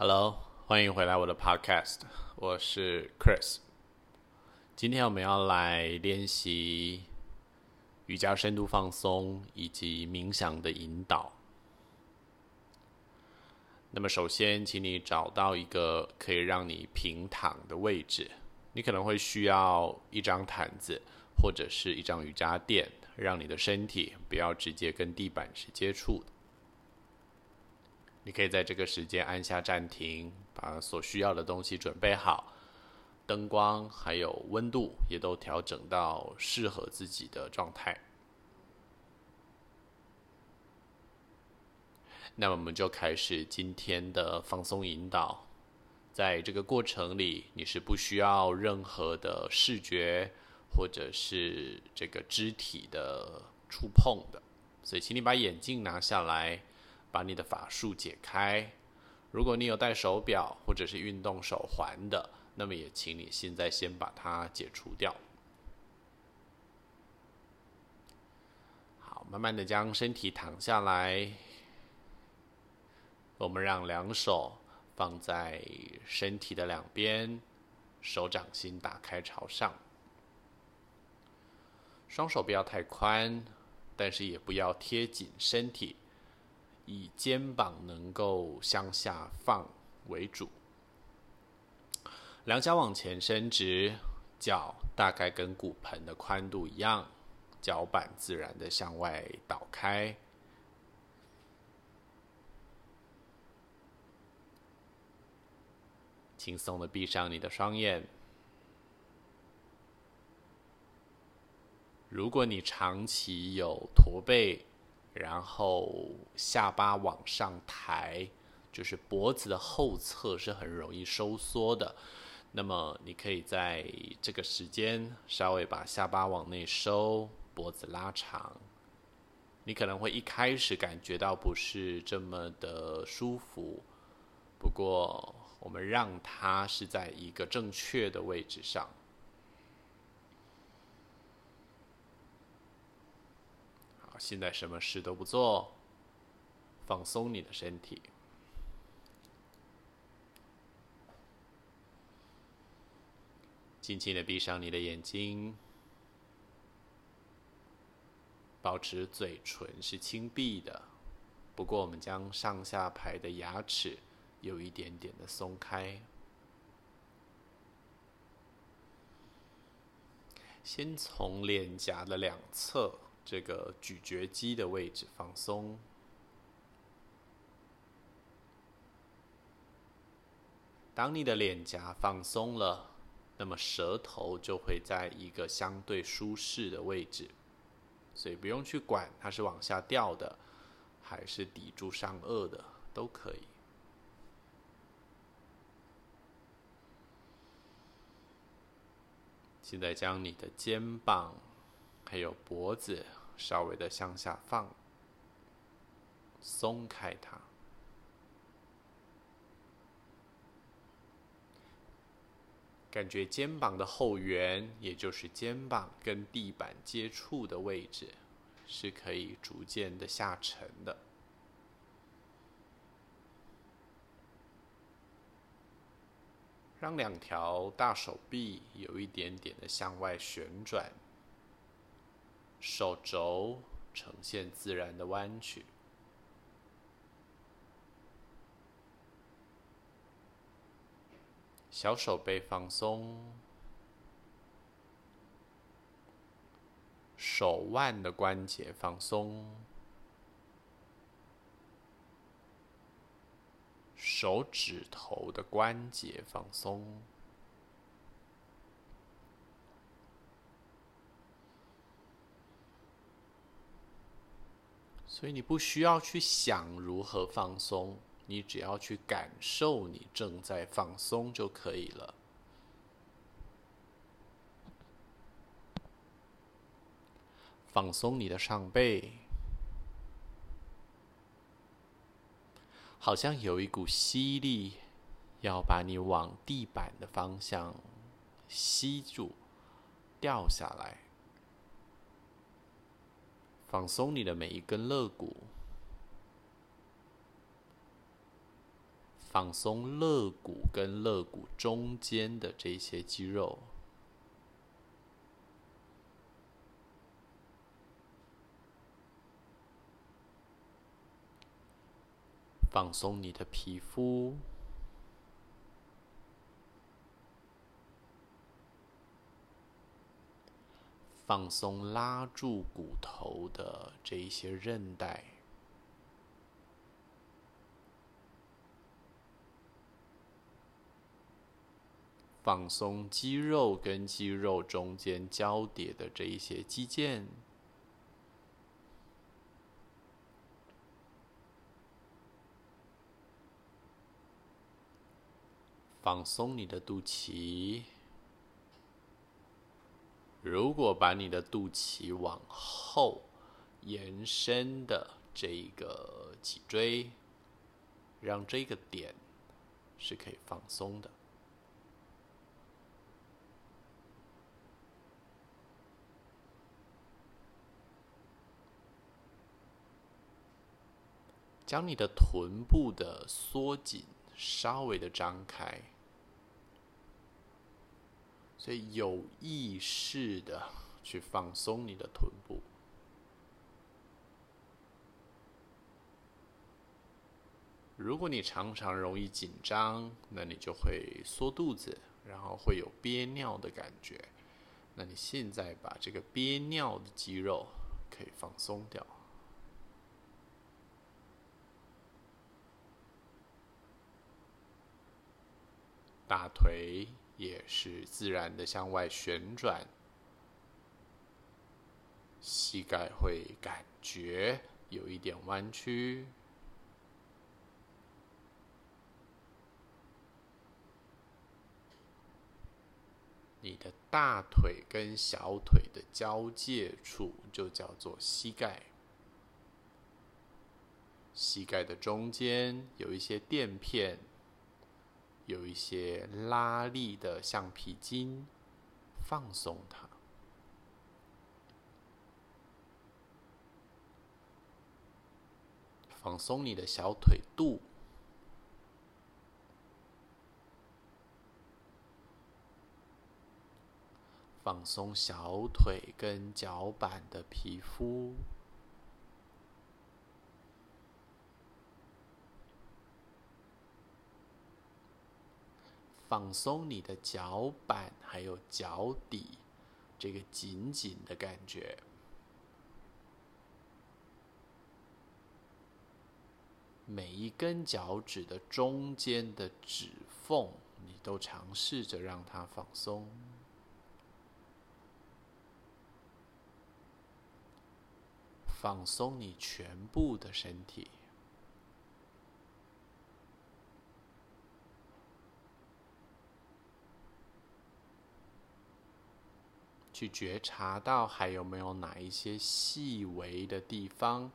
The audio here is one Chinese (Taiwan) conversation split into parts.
Hello，歡迎回來我的 Podcast，我是 Chris。今天我們要來練習瑜伽深度放鬆以及冥想的引導。那麼首先，請你找到一個可以讓你平躺的位置。你可能會需要一張毯子或者是一張瑜伽墊，讓你的身體不要直接跟地板去接觸。你可以在這個時間按下暫停，把所需要的東西準備好，燈光還有溫度也都調整到適合自己的狀態。那麼我們就開始今天的放鬆引導。在這個過程裡，你是不需要任何的視覺或者是這個肢體的觸碰的，所以請你把眼鏡拿下來。把你的法術解開。如果你有戴手錶或者是運動手環的，那麼也請你現在先把它解除掉。好，慢慢的將身體躺下來。我們讓兩手放在身體的兩邊，手掌心打開朝上。雙手不要太寬，但是也不要貼緊身體。以肩膀能夠向下放為主，兩腳往前伸直，腳大概跟骨盆的寬度一樣，腳板自然的向外倒開，輕鬆的閉上你的雙眼。如果你長期有駝背，然後下巴往上抬，就是脖子的後側是很容易收縮的。那麼你可以在這個時間稍微把下巴往內收，脖子拉長。你可能會一開始感覺到不是這麼的舒服，不過我們讓它是在一個正確的位置上。現在什麼事都不做，放鬆你的身體，輕輕的閉上你的眼睛，保持嘴唇是輕閉的。不過，我們將上下排的牙齒有一點點的鬆開，先從臉頰的兩側。這個咀嚼肌的位置放鬆。當你的臉頰放鬆了，那麼舌頭就會在一個相對舒適的位置，所以不用去管它是往下掉的，還是抵住上顎的，都可以。現在將你的肩膀還有脖子，稍微的向下放，鬆開它，感覺肩膀的後緣，也就是肩膀跟地板接觸的位置，是可以逐漸的下沉的，讓兩條大手臂有一點點的向外旋轉。手肘呈現自然的彎曲，小手背放鬆，手腕的關節放鬆，手指頭的關節放鬆。所以你不需要去想如何放鬆，你只要去感受你正在放鬆就可以了。放鬆你的上背，好像有一股吸力要把你往地板的方向吸住，掉下來。放鬆你的每一根肋骨，放鬆肋骨跟肋骨中間的這些肌肉，放鬆你的皮膚。放鬆，拉住骨頭的這一些韌帶；放鬆肌肉跟肌肉中間交疊的這一些肌腱；放鬆你的肚臍。如果把你的肚臍往後延伸的這個脊椎，讓這個點是可以放鬆的。將你的臀部的縮緊，稍微的張開。所以有意識的去放鬆你的臀部。如果你常常容易緊張，那你就會縮肚子，然後會有憋尿的感覺。那你現在把這個憋尿的肌肉可以放鬆掉，大腿。也是自然的向外旋轉，膝蓋會感覺有一點彎曲。你的大腿跟小腿的交界處就叫做膝蓋，膝蓋的中間有一些墊片。有一些拉力的橡皮筋，放鬆它，放鬆你的小腿肚，放鬆小腿跟腳板的皮膚。放鬆你的腳板，還有腳底，這個緊緊的感覺。每一根腳趾的中間的指縫，你都嘗試着讓它放鬆。放鬆你全部的身體。去覺察到還有沒有哪一些細微的地方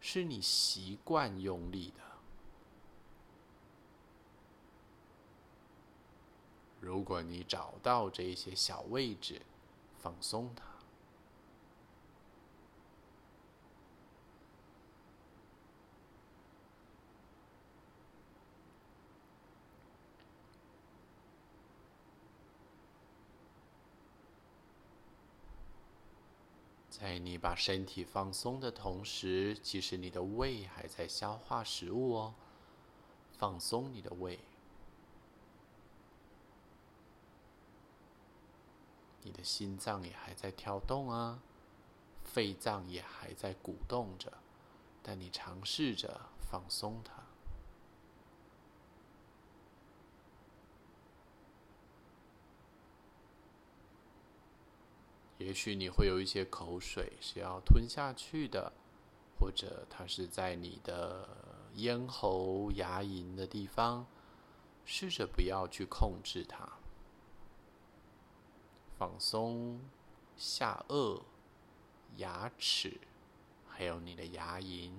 是你習慣用力的。如果你找到這些小位置，放鬆它。在你把身體放鬆的同時，其實你的胃還在消化食物哦，放鬆你的胃。你的心臟也還在跳動啊，肺臟也還在鼓動着，但你嘗試着放鬆它。也許你會有一些口水是要吞下去的，或者它是在你的咽喉、牙齦的地方。試着不要去控制它，放鬆下顎、牙齒，還有你的牙齦。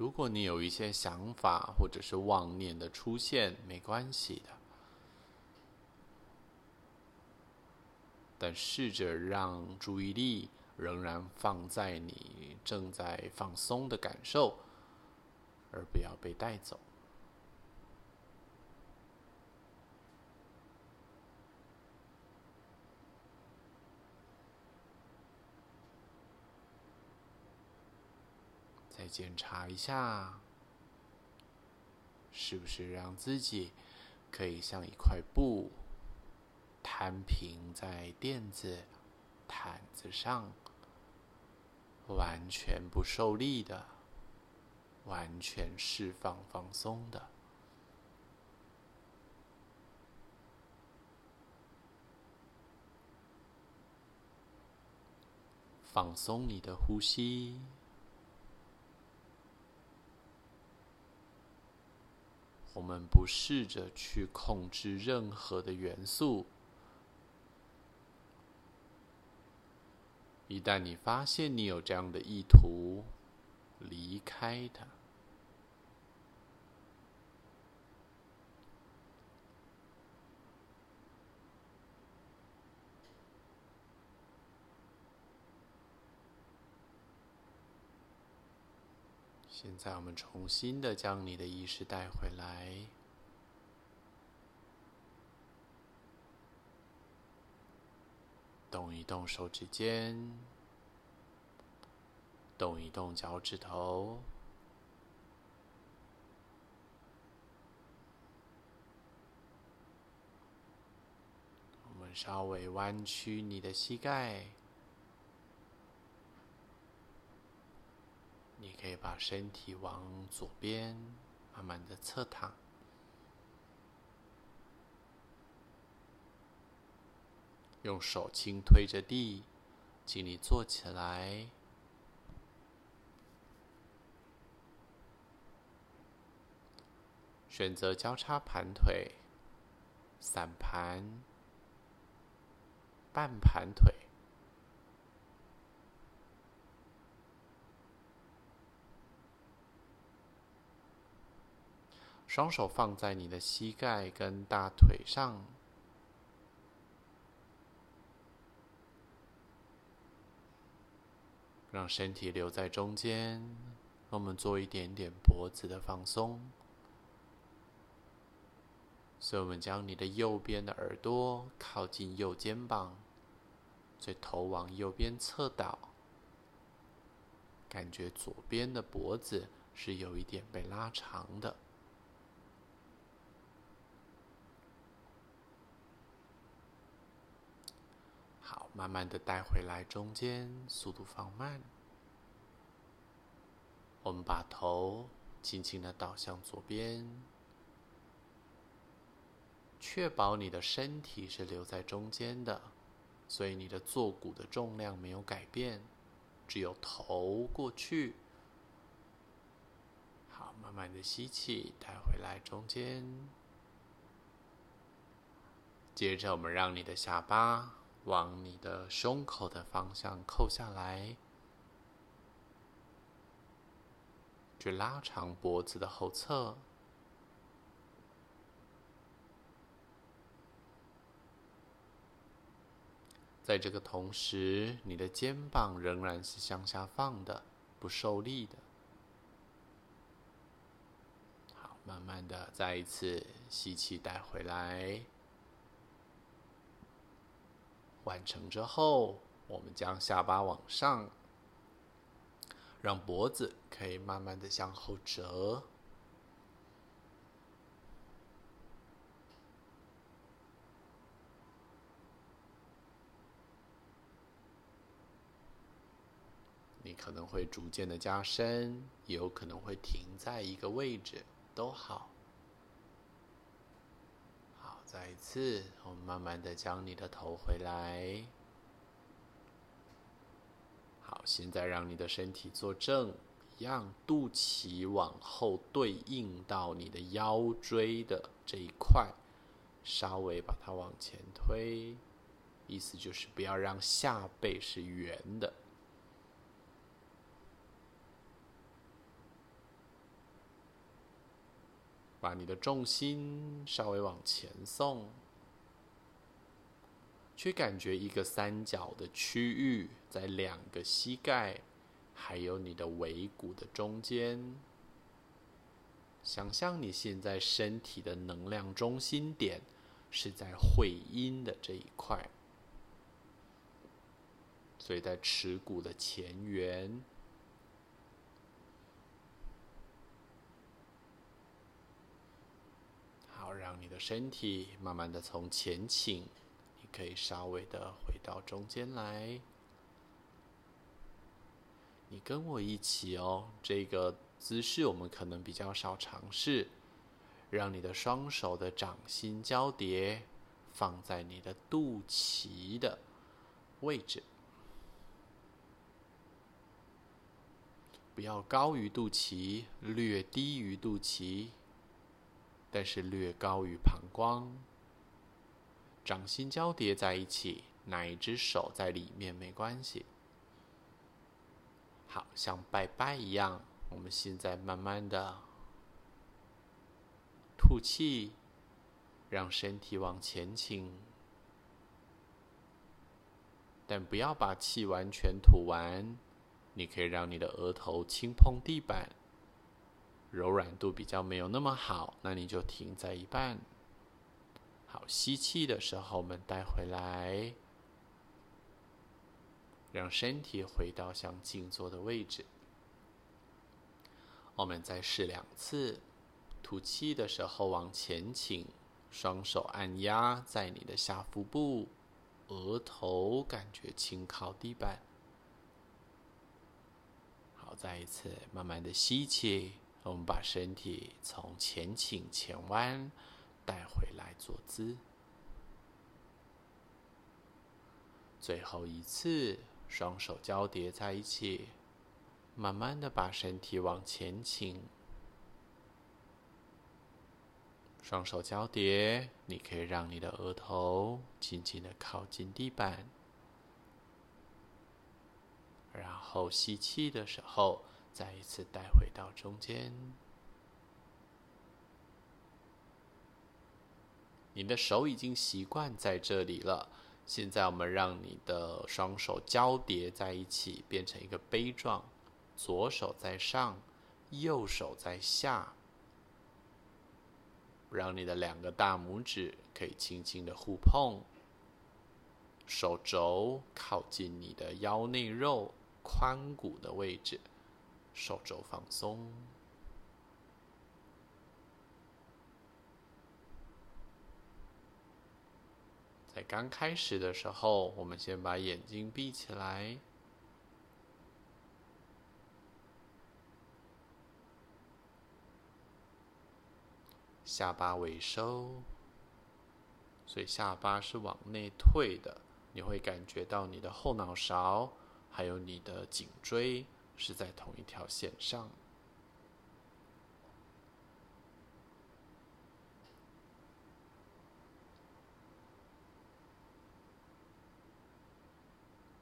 如果你有一些想法或者是妄念的出現，沒關係的。但試着讓注意力仍然放在你正在放鬆的感受，而不要被帶走。再檢查一下，是不是讓自己可以像一塊布，攤平在墊子、毯子上，完全不受力的，完全釋放、放鬆的。放鬆你的呼吸。我們不試着去控制任何的元素。一旦你發現你有這樣的意圖，離開它。現在，我們重新的將你的意識帶回來，動一動手指尖，動一動腳趾頭，我們稍微彎曲你的膝蓋。你可以把身體往左邊慢慢的側躺，用手輕推着地，請你坐起來，選擇交叉盤腿、散盤、半盤腿。雙手放在你的膝蓋跟大腿上，讓身體留在中間。我們做一點點脖子的放鬆。所以我們將你的右邊的耳朵靠近右肩膀，所以頭往右邊側倒，感覺左邊的脖子是有一點被拉長的。慢慢的帶回來，中間速度放慢。我們把頭輕輕的倒向左邊，確保你的身體是留在中間的，所以你的坐骨的重量沒有改變，只有頭過去。好，慢慢的吸氣，帶回來中間。接着我們讓你的下巴。往你的胸口的方向扣下來，去拉長脖子的後側。在這個同時，你的肩膀仍然是向下放的，不受力的。好，慢慢的再一次吸氣，帶回來。完成之後，我們將下巴往上，讓脖子可以慢慢的向後折。你可能會逐漸的加深，也有可能會停在一個位置，都好。再一次，我們慢慢的將你的頭回來。好，現在讓你的身體坐正，讓肚臍往後對應到你的腰椎的這一塊，稍微把它往前推，意思就是不要讓下背是圓的。把你的重心稍微往前送，去感覺一個三角的區域，在兩個膝蓋還有你的尾骨的中間。想象你現在身體的能量中心點是在會陰的這一塊，所以在恥骨的前緣。讓你的身體慢慢的從前傾，你可以稍微的回到中間來。你跟我一起哦，這個姿勢我們可能比較少嘗試。讓你的雙手的掌心交疊，放在你的肚臍的位置，不要高於肚臍，略低於肚臍。但是略高於膀胱，掌心交疊在一起，哪一隻手在裡面沒關係。好像拜拜一樣，我們現在慢慢的吐氣，讓身體往前傾，但不要把氣完全吐完，你可以讓你的額頭輕碰地板。柔軟度比較沒有那麼好，那你就停在一半。好，吸氣的時候，我們帶回來，讓身體回到向靜坐的位置。我們再試兩次。吐氣的時候往前傾，雙手按壓在你的下腹部，額頭感覺輕靠地板。好，再一次，慢慢的吸氣。我們把身體從前傾前彎帶回來坐姿，最後一次，雙手交疊在一起，慢慢的把身體往前傾，雙手交疊，你可以讓你的額頭輕輕的靠近地板，然後吸氣的時候。再一次帶回到中間，你的手已經習慣在這裡了。現在我們讓你的雙手交疊在一起，變成一個杯狀，左手在上，右手在下。讓你的兩個大拇指可以輕輕的互碰，手肘靠近你的腰內肉、髖骨的位置。手肘放鬆，在剛開始的時候，我們先把眼睛閉起來，下巴微收，所以下巴是往內退的。你會感覺到你的後腦勺，還有你的頸椎。是在同一條線上，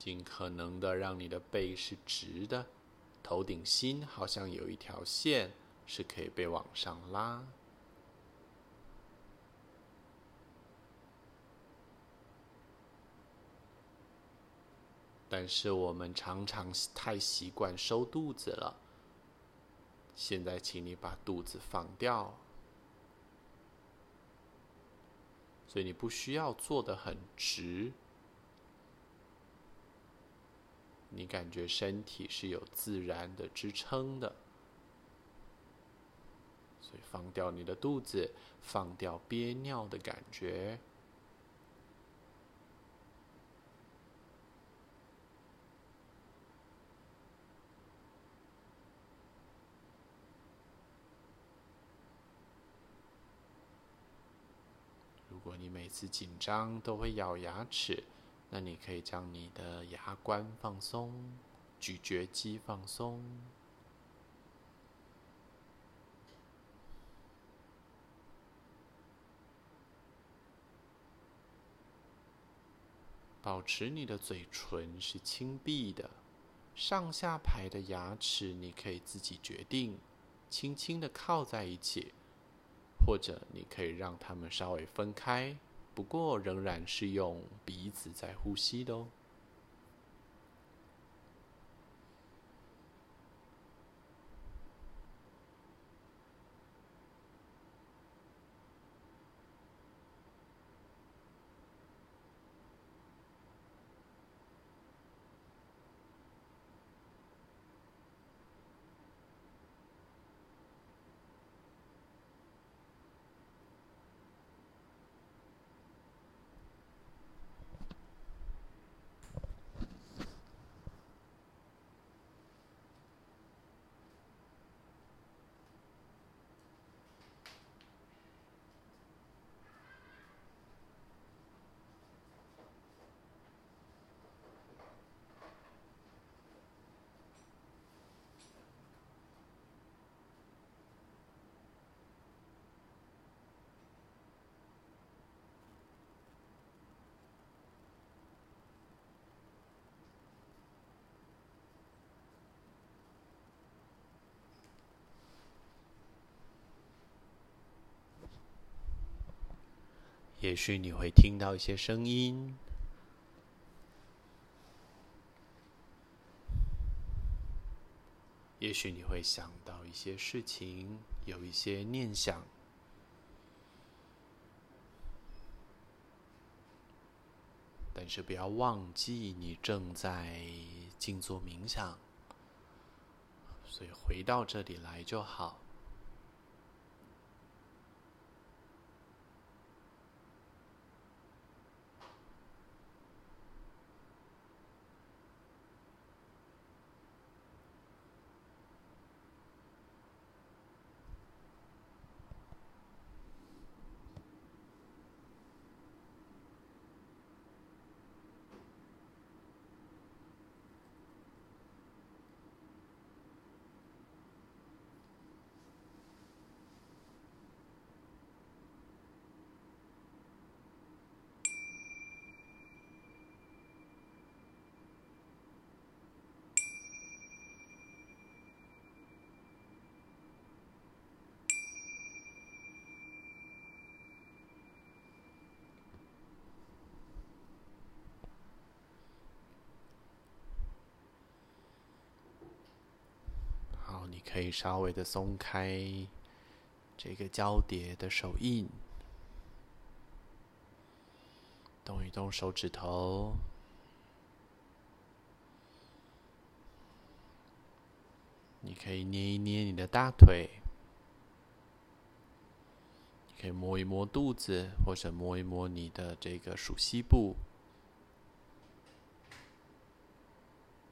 盡可能的讓你的背是直的，頭頂心好像有一條線，是可以被往上拉。但是我們常常太習慣收肚子了。現在，請你把肚子放掉。所以你不需要坐得很直，你感覺身體是有自然的支撐的。所以放掉你的肚子，放掉憋尿的感覺。如果你每次緊張都會咬牙齒，那你可以將你的牙關放鬆，咀嚼肌放鬆，保持你的嘴唇是輕閉的，上下排的牙齒你可以自己決定，輕輕的靠在一起。或者你可以讓他們稍微分開，不過仍然是用鼻子在呼吸的哦。也許你會聽到一些聲音，也許你會想到一些事情，有一些念想，但是不要忘記你正在靜坐冥想，所以回到這裡來就好。你可以稍微的鬆開這個交疊的手印，動一動手指頭。你可以捏一捏你的大腿，你可以摸一摸肚子，或者摸一摸你的這個鼠蹊部。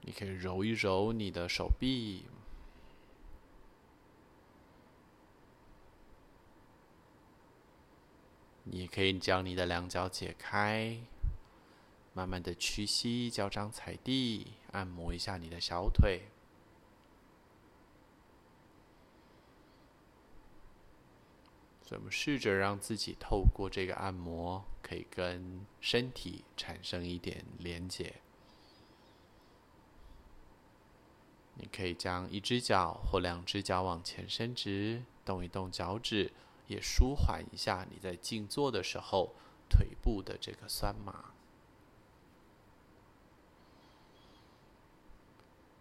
你可以揉一揉你的手臂。你可以將你的兩腳解開，慢慢的屈膝，腳掌踩地，按摩一下你的小腿。所以我們試着讓自己透過這個按摩，可以跟身體產生一點連接。你可以將一隻腳或兩隻腳往前伸直，動一動腳趾。也舒緩一下你在靜坐的時候腿部的這個痠麻。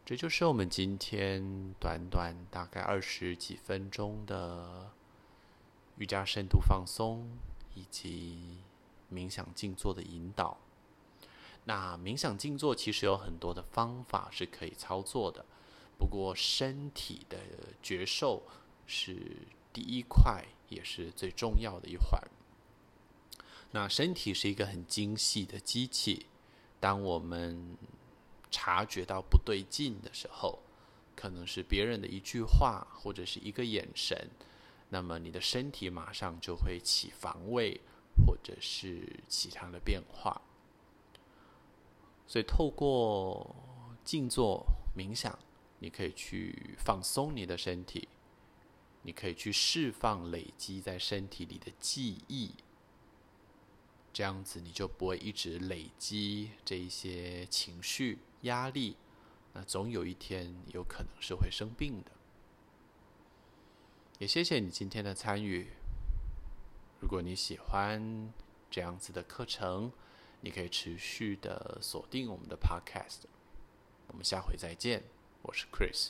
這就是我們今天短短大概二十幾分鐘的瑜伽深度放鬆，以及冥想靜坐的引導。那冥想靜坐其實有很多的方法是可以操作的，不過身體的覺受是。第一塊也是最重要的一環。那身體是一個很精細的機器，當我們察覺到不對勁的時候，可能是別人的一句話或者是一個眼神，那麼你的身體馬上就會起防衛或者是其他的變化。所以，透過靜坐冥想，你可以去放鬆你的身體。你可以去釋放累積在身體裡的記憶，這樣子你就不會一直累積這一些情緒壓力，那總有一天你有可能是會生病的。也謝謝你今天的參與。如果你喜歡這樣子的課程，你可以持續的鎖定我們的 Podcast。我們下回再見，我是 Chris。